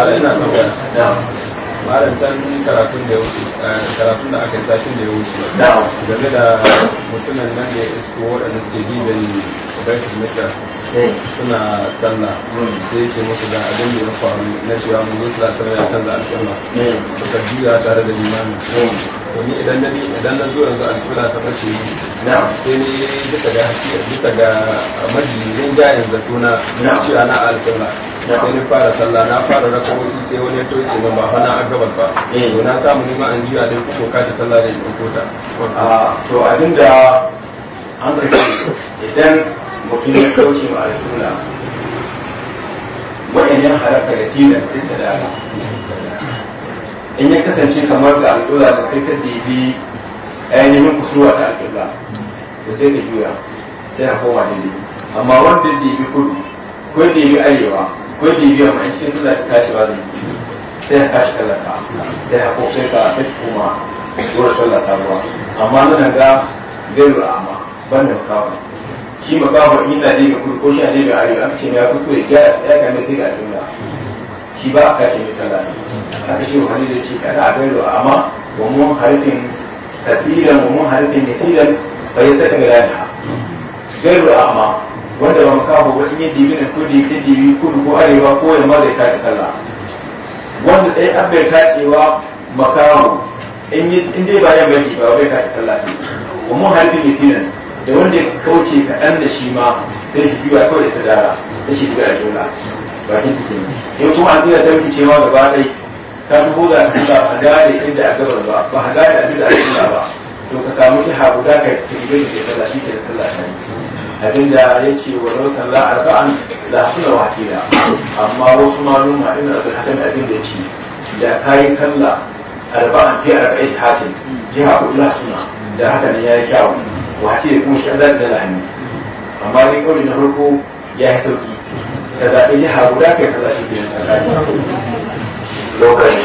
har ina tambaya karatun da ya wuce eh, karatun da aka yi satin da ya wuce game da mutumin nan ya isko waɗanda suke bibin baitul mitas eh. suna sallah hmm. sai ce musu ga abin da ya faru na cewa mun zuwa sallah ya canza alƙalla eh. suka juya tare da limami domin idan na idan na zo yanzu alƙalla ta bace sai ne bisa ga bisa ga majalisin jayin zato na cewa na alƙalla na sai ni fara sallah na fara rakawoyi sai wani ya toye ce ba hana a gabar ba eh. to na samu nima an jiya dai kuko ka da sallah da ya kota to abinda an da idan mutum ya kauce ma wani wayannan haraka da iska da in ya kasance kamar da alƙibla da sai ka dibi ainihin kusurwa ta alƙibla to sai ka juya sai a koma daidai amma wanda dibi kudu ko ɗebi arewa ko ɗebi yamma in cikin suna ta ce ba zai sai ka ci talaka sai hako sai ka sai kuma dole sallah sabuwa amma nan ga gairu amma ban da makawa shi kawo in na ɗebi kudu ko shi a na ɗebi arewa aka ce ya kudu ya ya kame sai ga jumla shi ba a kashe mai sallah aka ce wani da ce kada a gairu amma wa mun harfin tasirin wa mun harfin nitilan sai ya saka ha. gairu amma wanda ba makaho ba in ya dibi na kudi ka dibi kudu ko arewa ko yamma zai tashi sallah wanda ɗaya an bai tashewa makaho in dai bayan bai ba bai tashi sallah ne wa mun harfi misinan da wanda ya kauce kaɗan da shi ma sai ya biyu a kawai sadara sai shi biyu a jola bakin cikin yau kuma an zira dauki cewa gaba ɗai ka ko da ka ba a gane inda a gabar ba ba a gane abin da a ba to ka samu ki da ka ki yi da sallah shi ke da sallah yi. abinda ya ce wa lausan la arba'an la da wakila amma wasu maluma ina da hakan abin da ce da yi sallah arba'an fi arba'in hatin jiha ko ila suna da haka ne ya yi kyawu wakil kuma shi Allah da lami amma ni kawai na farko ya yi sauki da zaɓi jiha guda kai sallah shi ke lokacin